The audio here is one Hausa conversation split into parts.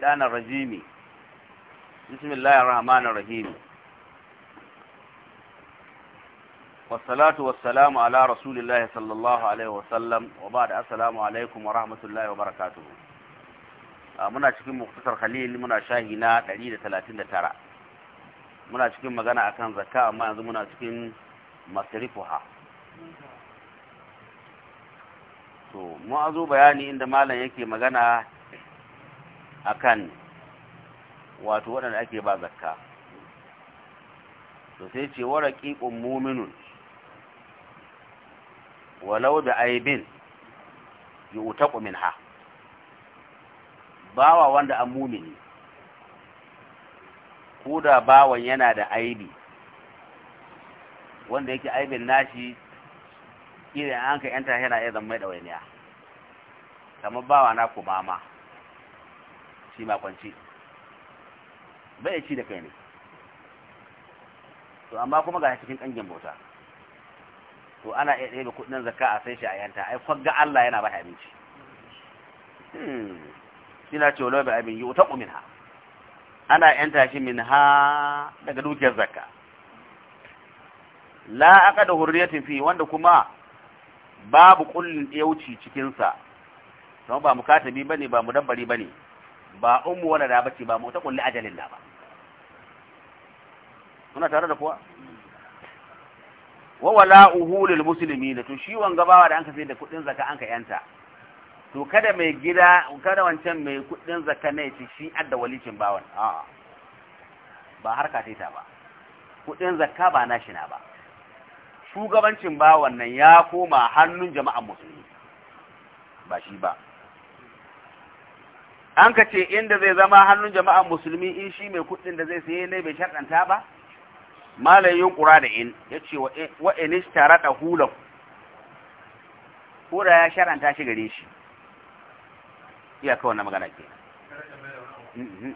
الشيطان الرجيم بسم الله الرحمن الرحيم والصلاة والسلام على رسول الله صلى الله عليه وسلم وبعد السلام عليكم ورحمة الله وبركاته muna cikin muktasar khalil muna shahi na 139 muna cikin magana akan zakka amma yanzu muna cikin masrifuha to mu bayani inda malam yake magana akan wato waɗanda ake ba zakka to sai ce wa raqiqun mu'minun walau da aibin yu'taqu minha bawa wanda an mumini ko da bawan yana da aibi wanda yake aibin nashi irin an ka yanta yana iya zama mai ɗawainiya kamar bawa na kumama shi ma kwanci bai ci da kai ne to amma kuma ga cikin kangin bauta to ana iya ɗaya da kudin zakka a sai shi a yanta ai fagga Allah yana ba abinci hmm. shi na ce wala abin yi utaku minha ana yanta shi minha daga dukiyar zakka la aqad hurriyatin fi wanda kuma babu kullin yauci cikin sa don ba mukatabi bane ba mudabbari bane ba ummu wala da bace ba mota kulli ajalin da ba kuna tare da kuwa wa uhu lil muslimin to shi wanga bawa da anka sai da kudin zaka anka yanta to kada mai gida kada wancan mai kudin zaka ne ci shi adda walicin bawan a ba harka ce ta ba kudin zakka ba nashi na ba shugabancin bawan nan ya koma hannun jama'an musulmi ba shi ba an ka ce inda zai zama hannun jama'an musulmi in shi mai kudin da zai saye ne bai sharɗanta ba malai kura da in ya ce wa e, e in tara da hulau ko da ya sharɗanta shi gare shi iya kawai na magana ke mhm.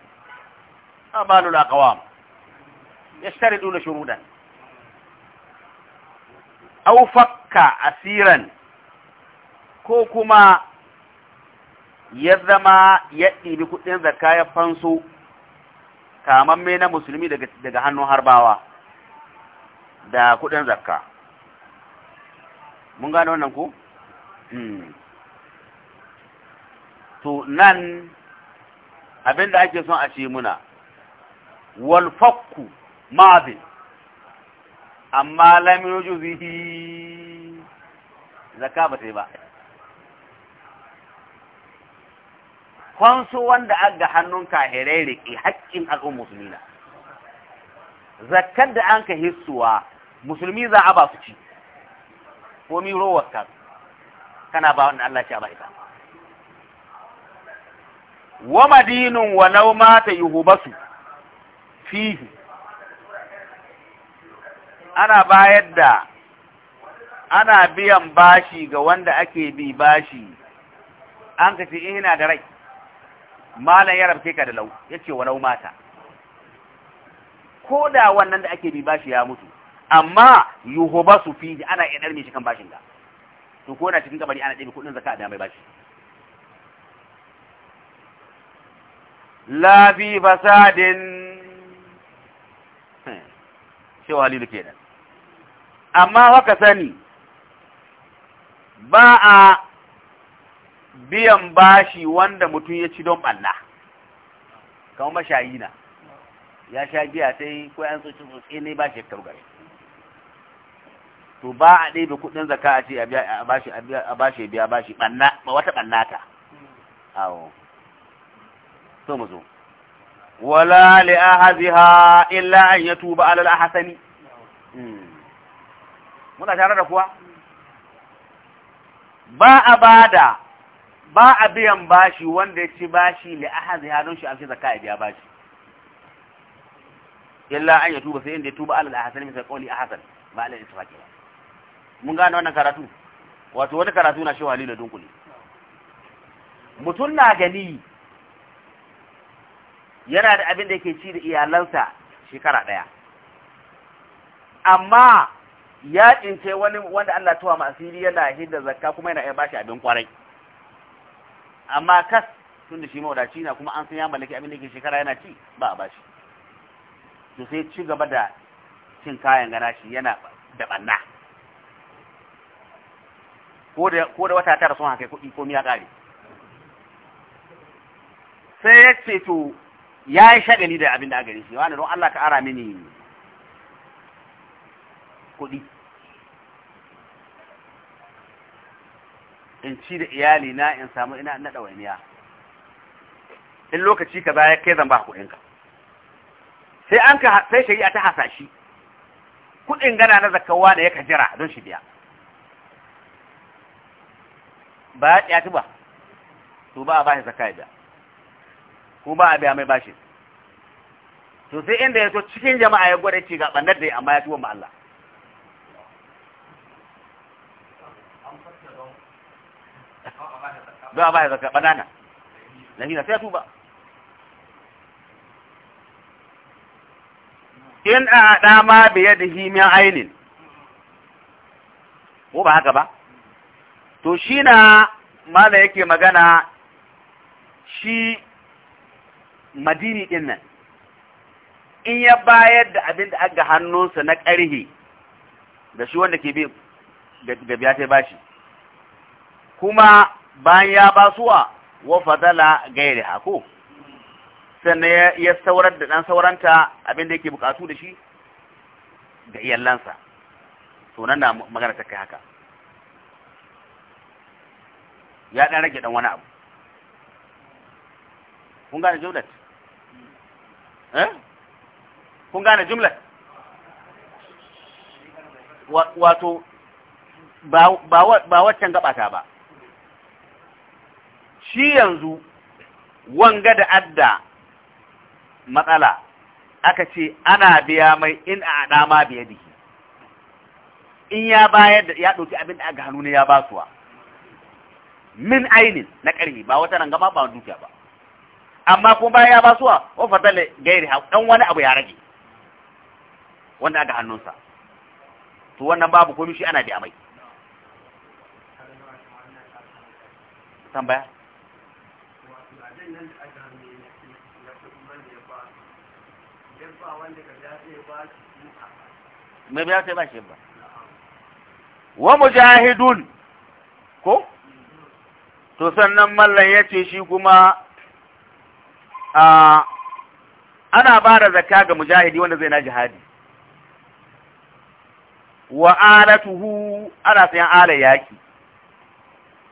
abalul aqwam yashtariduna shurudan aw fakka asiran ko kuma ya zama ya ɗibi kuɗin zakka ya fanso kamamme na musulmi daga hannun harbawa da kuɗin zakka mun gane wannan ku? Hmm. to nan abin da ake son a ce muna walfakku mazin amma lamino juzihi zakka ba ta yi ba kwanso wanda aga hannun kahirai ke haƙƙin al'um musulmi na zakkar da an ka hissuwa musulmi za a ba su ci ko mi rowar ka kana ba wanda Allah ce ba ita wa madinin wa nauma ta hubasu fihi ana bayar da ana biyan bashi ga wanda ake bi bashi an ka ce eh, ina da rai malan ya rabce ka da lau yace walau mata ko da wannan da ake bi bashi ya mutu amma yuhubasu fi ana yadar darme shi kan bashin da to ko na cikin kabari ana dabi kuɗin zakka da mai bashi la bi fasadin hmm. shi walilu kenan amma haka sani ba a biyan bashi wanda mutum ya ci don ɓanna kamar mashayi na ya sha biya ta yi ko yan tsoci tsotsi ne ba shekaru gari. to ba a da kuɗin zaka a ce a bashi biya bashi ɓanna wata ɓannata awo so mu zo wala li ha illa an tuba alal a hasani. Hmm. muna tare da kuwa ba a bada ba a biyan bashi wanda ya ci bashi li ahazi hadon shi amshi zakka ya biya bashi illa an ya tuba sai inda ya tuba alal ahsan misal qawli ahsan ba alal isfaqi mun gane wannan karatu wato wani karatu na shi halilu dunkuli mutum na gani yana da abin da yake ci da iyalansa shekara daya amma ya tsince wani wanda Allah tuwa asiri yana hidda zakka kuma yana iya bashi abin kwarai amma kas tun da shi mawadaci na kuma an san ya mallaki abin da yake shekara yana ci ba a bashi to sai ci gaba da cin kayan gana shi yana da banna ko da wata tara sun haka kuɗi ko miya ƙari sai ya ce to ya yi shagali da abin da a gari shi wani don Allah ka ara mini kuɗi in ci da iyali na in samu ina na ɗawainiya in lokaci ka baya kai zan ba kuɗinka sai an ka sai shari'a ta hasashi kuɗin gana na zakawa da ya kajira don shi biya ba ya ci ba to ba a bashi zakka biya ko ba a biya mai bashi to sai inda ya to cikin jama'a ya gwada ce ga ɓannar da ya amma ya tuwa ma Allah ba ba zakka banana sai tuba in a da ma biye da himiyan ainin ko ba haka ba to shi na mala yake magana shi madini din nan in ya bayar da abin da aga hannunsa na ƙarhe, da shi wanda ke bi biya ta bashi kuma bayan ya basuwa wa fadala gairi hako sannan ya saurar da ɗan sauranta abinda yake bukatu da shi ga iyalansa sunan na magana ta kai haka ya ɗan rage ɗan wani abu kun gane jumlat eh kun gane jumlat wato ba waccan gabata ba shi yanzu wanga da adda matsala aka ce ana biya mai in a dama biya diki in ya bayar da ya ɗauki abin da aka hannu ne ya suwa min ainin na ƙarfi ba wata nan gama ba dukiya ba amma kuma bayan ya ba suwa wa fatale gairi ha dan wani abu ya rage wanda aka hannunsa to wannan babu komai shi ana biya mai tambaya mai biya sai ba shi ba wa mujahidun ko to sannan mallan ya ce shi kuma ana ba da zakka ga mujahidi wanda zai na jihadi wa alatuhu ana sayan ala yaki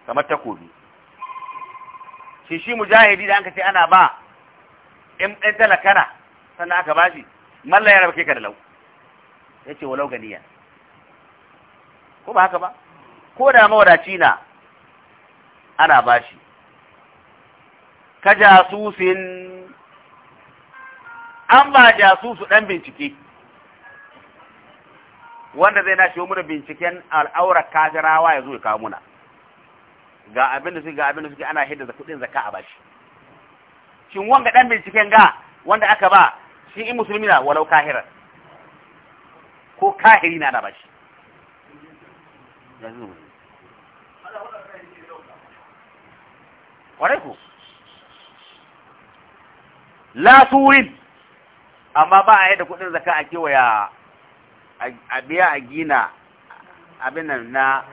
kamar takobi shi shi mujahidi da an ka ce ana ba in ɗan talakana sannan aka bashi malla ya rabke ka da lau yace walau ganiya ko ba haka ba ko da mawadaci na ana bashi ka jasusin an ba jasusu dan bincike wanda zai na shiwo muna binciken al'aurar kajarawa ya zo ya kawo muna ga abin da suke ga abin da suke ana hidda da kudin zakka a bashi shin wanga dan binciken ga wanda aka ba shi in musulmi na walau kahiran ko kahiri na na shi yanzu ku la turin amma ba a yadda kudin zaka a kewaya a biya a gina abin nan na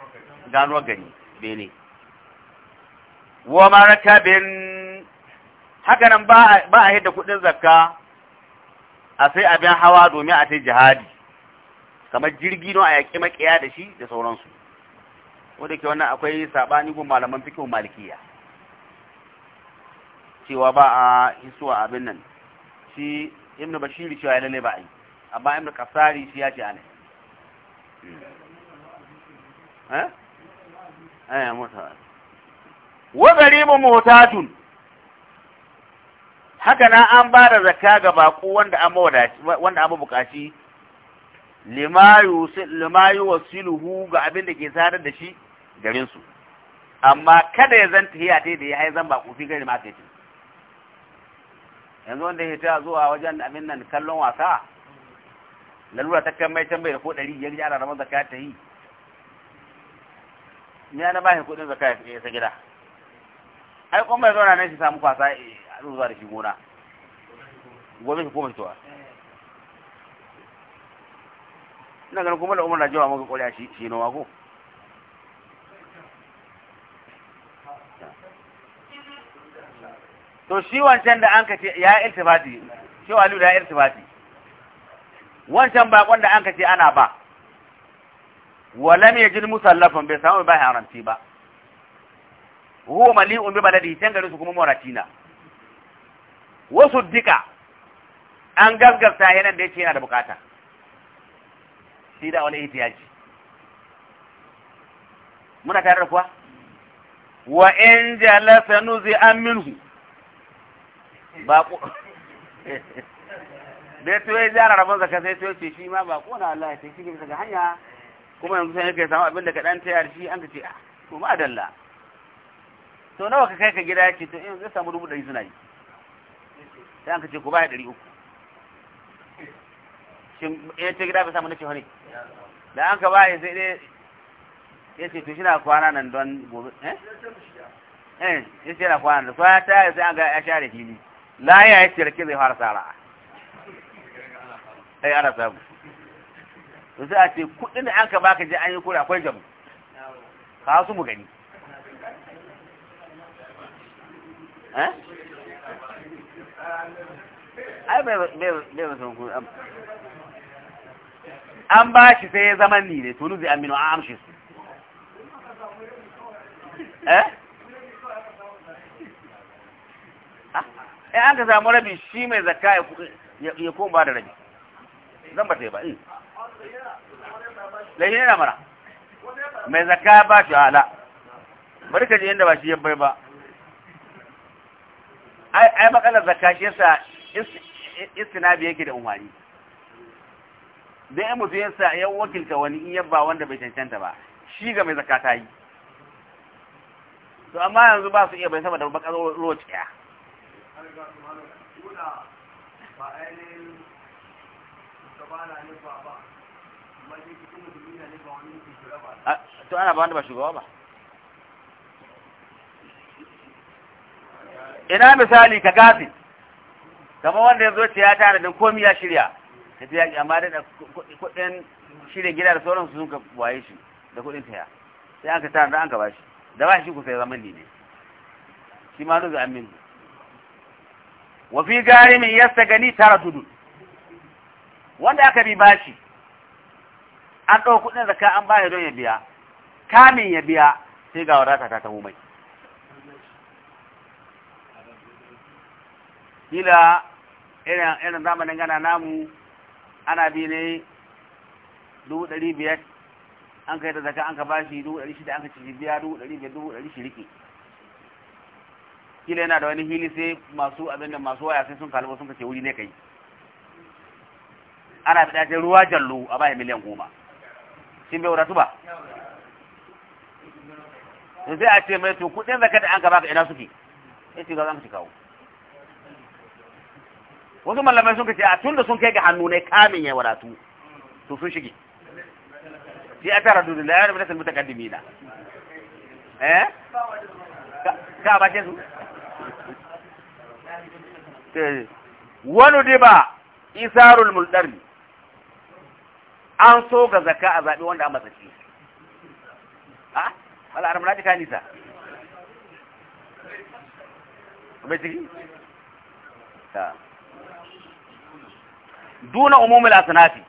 gano gani bene wa marakabin haka nan ba a yadda kudin zaka a sai abin hawa domin a sai jihadi kamar jirgi don a yaƙi maƙiya da shi da sauransu wadda ke wannan akwai saɓani gun malaman fikin malikiya cewa ba a hisuwa abin nan shi ibn bashiri cewa ya lalle ba a yi amma ibn kasari shi ya ce ana hmm. eh eh mota wa garibun muhtajun haka na an ba da zakka ga baƙo wanda an wanda an bukaci limayu wasiluhu ga abin da ke sadar da shi garinsu amma kada ya zanta ya ta da ya zan baƙo fi gari masu yake yanzu wanda ya ta zuwa wajen abin nan kallon wasa lalura ta kan mai can bai da ko ɗari ya ji ana ramar zakka ta yi ni ana shi kuɗin zakka ya sa gida ai kuma ya zauna nan shi samu kwasa eh, a zuwa da shi gona gobe shi koma fitowa ina ganin kuma da umar na jawa maka kwariya shi shi noma ko to shi wancan da an ka ce ya iltifati shi wa da ya iltifati wancan bakon da an ka ce ana ba walam yajid musallafan bai samu ba haramci ba huwa mali'un bi baladi tangare su kuma moratina wasu dika an gaskata yanar da yake yana da bukata shi da wani yaji muna tare da kuwa wa in jalasa zai an minhu ba ku da ya tuwe jara rabon zaka sai tuwe ce shi ma ba ku na Allah ya ce shi ke ga hanya kuma yanzu sai yake samu abin da ka dan tayar shi an ka ce a ah, to ma dalla to nawa ka kai ka gida ya ce to in zai samu dubu ɗari suna yi sai an ka ce ku ba ya ɗari uku shin ya eh, ce gida bai samu na ce wani da an ka ba ya sai dai ya ce to shi na kwana nan don gobe eh eh ya ce na kwana da kwana ta yi sai an ga ya share fili la ya ya ce rake zai fara sara ai ana samu to sai a ce kuɗin da an ka baka je an yi kura akwai jamu ka su mu gani eh ai bai mutum ku an ba shi sai ya zama ni ne tunu zai aminu an amshi su eh ah, eh an ka samu shi mai ya kuma ba da zan ba ba eh. in mara mai ba shi ala bari ji inda ba shi yabbai ba ai matsalar zakka shi yasa yake da umarni da ya mutu yasa ya wakilta wani in yabba wanda bai cancanta ba shi ga mai zakata yi to amma yanzu ba su iya bai saboda bakar rociya to ana ba wanda ba shugaba ba ina misali ka gafi kamar wanda ya zo ce ya tana din komi ya shirya ta biya amma da kuɗin shirya gida da sauransu sun ka waye shi da kuɗin taya sai an ka tana da an ka ba shi da ba shi kusa zaman ne shi ma nuzu amin wa fi gari min yasta gani tara tudu wanda aka bi bashi an ɗau kuɗin zaka an ba don ya biya kamin ya biya sai ga wadata ta taho mai kila irin zamanin gana namu ana bi ne dubu ɗari biyar an kai ta zaka an ka bashi dubu ɗari shida an ka ci biya dubu ɗari biyar dubu ɗari shiriki kila yana da wani hili sai masu abin da masu waya sai sun kalbo sun kace wuri ne kai ana fita ta ruwa jallo a bayan miliyan goma sun bai wuratu ba sai a ce mai to kuɗin zaka da an ka baka ina suke ya ce ga zan ci kawo wasu mallamai sun kace a tun da sun kai ga hannu ne kamin ya wadatu to sun shige sai a tara dudu layar da sun mutakaddimi na eh ka ba ce su wani diba isarul muldari an so ga zakka a zaɓi wanda a matsaci a wala a ramuna jika nisa bai ciki ta duna umumul asnafi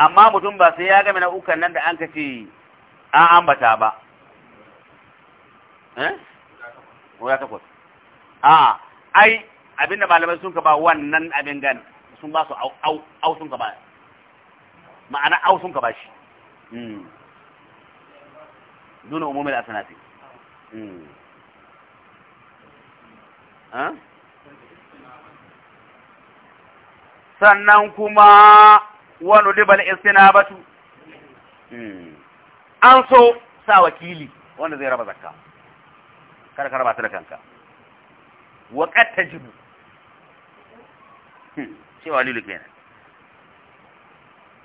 amma mutum ba sai ya game na ukan nan da an kace an ambata ba eh guda takwas a ah, ai abinda malamai sun ka ba wannan abin gan sun ba su au au sun ka ba ma'ana au sun ka ba shi hmm. duna umumul mm. eh sannan kuma wani dibal istinabatu hmm. an so sa wakili wanda zai raba zakka kada ka raba ta da kanka wa qad tajibu hmm. shi walilu kenan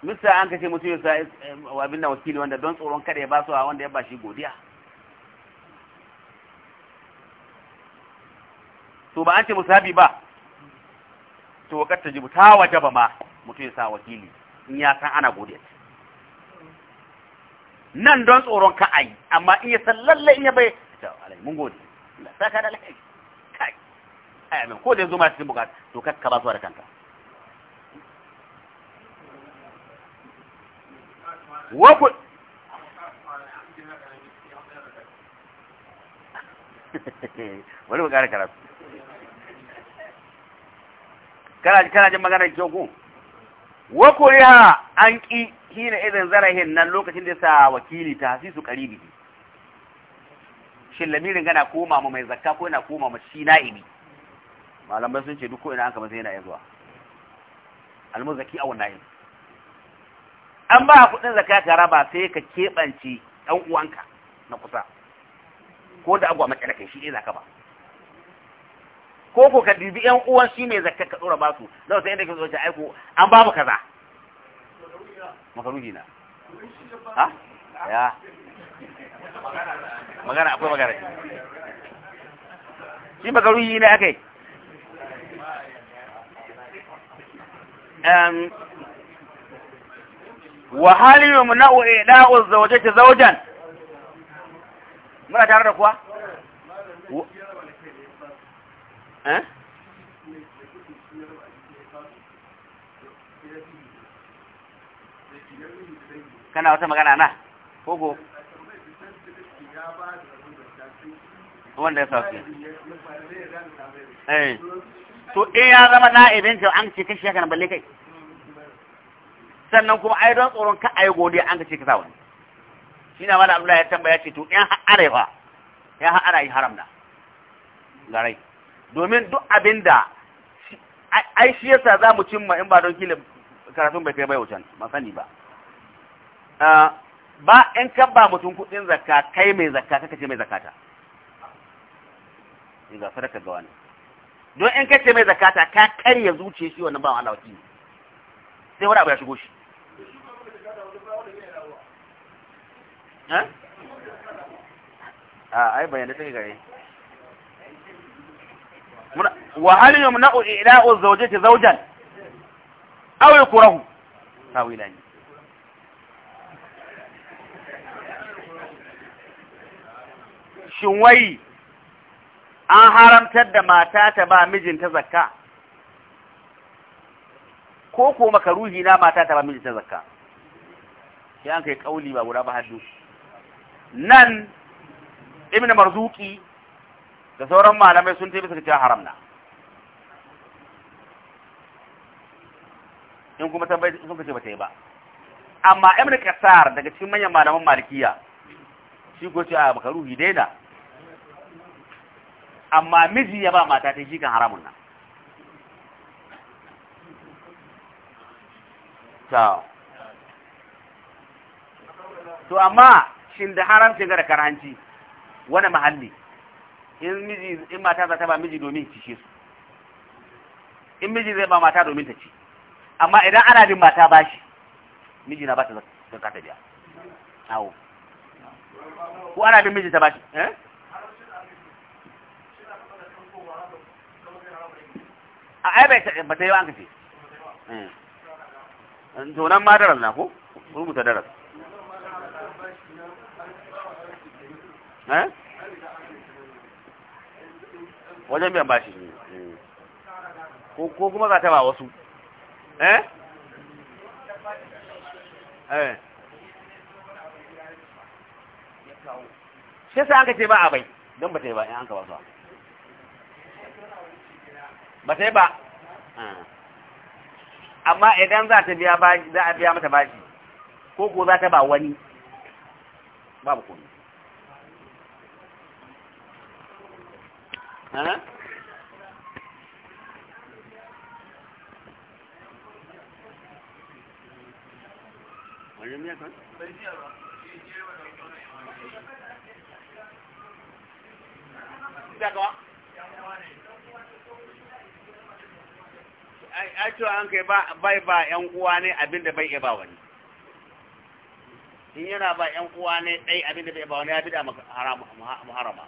mista an kashe mutum yasa sa eh, abin da wakili wanda don tsoron kada ya ba basu wanda ya ba shi godiya to ba an ce musabi ba to ka ta jibu ta ba ma mutum ya sa wakili in ya san ana godiya nan don tsoron ka ai amma in ya san lalle in ya bai ta alai mun gode Allah saka da alheri kai ai amin ko da yanzu ma cikin bukata to ka ka ba su da kanka wa ku wani bukara karatu kana jin magana ke ku wa kuriha an ki hina idan zarahin nan lokacin da sa wakili ta hasisu qaribi shin lamirin gana koma mu mai zakka ko yana koma mu shi na'ibi malamai sun ce duk ko ina an kama sai yana zuwa almuzaki aw na'im an ba kudin zakka ka raba sai ka kebanci dan uwanka na kusa ko da agwa makalaka shi ne zakka ba ko ko ka dibi yan uwan shi ne zakka ka dora basu zai sai yadda kake zoce aiko an babu kaza makaruhi na ha ya magana akwai magana shi makaruhi ne akai um wa hali yi hal yumna'u ida'u zawjati zaujan muna tare da kuwa kana wata magana na kogo wanda ya sauke eh to in ya zama na ta an ce kashi haka na balle kai sannan kuma ai don tsoron ka ai godiya an ka ce ka sa wani shi na mala abdullahi ya tambaya ce to in har arewa ya har yi haram da garai domin duk abin da ai shi yasa za mu cimma in ba don kila karatun bai kai bai wucen ba sani ba ah, ba in ka ba mutum kudin zakka kai mai zakka kaka ce mai zakata in ga sadaka ga wani don in ka ce mai zakata ka karya zuciya shi wannan ba Allah alawaki sai wani abu ya shigo shi eh? a ah, ai bayanai take gare wa hal yumna'u ila'u zawjati zawjan aw yukrahu tawilani shin wai an haramtar da mata ta ba mijinta zakka ko ko makaruhi na mata ta ba mijinta zakka sai an kai kauli ba guda ba haddu nan ibn marzuki da sauran malamai sun tafi bisa ce haram na in kuma tabbai sun kace bata yi ba amma ibn kasar daga cikin manyan malaman malikiya shi ko ce a makaruhi daina amma miji ya ba mata ta shi kan haramun nan ta to amma shin da haramcin ga da karanci wani mahalli in miji in mata za ta ba miji domin ci su in miji zai ba mata domin ta ci amma idan ana bin mata ba shi miji na ba ta zaka ta biya awo ko ana bin miji ta ba shi eh a ai bai ba ta yi an kace eh. to nan ma daral na ko rubuta daral eh wajen biyan bashi ko kuma za ta ba wasu eh eh shi sai an ka ce ba a bai don ba ta yi ba in an ka ba su ba ta yi ba eh. amma idan za ta biya za a biya mata bashi ko ko za ta ba wani babu komai Aito an kai bai ba ‘yan uwa ne abinda bai iya ba wani. In yana ba ‘yan uwa ne ɗai abinda bai iya ba wani ya bi da muharama.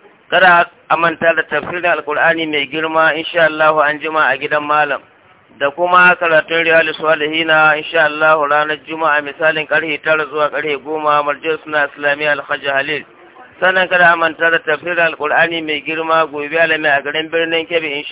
kada a manta da tafsirin alkur'ani mai girma insha Allah an jima a gidan malam da kuma karatun riyali salihina insha Allah ranar juma'a misalin karhe 9 zuwa karhe 10 marjin suna islamiyya alhaji halil sannan kada a manta da tafsirin alkur'ani mai girma gobe alami a garin birnin kebe insha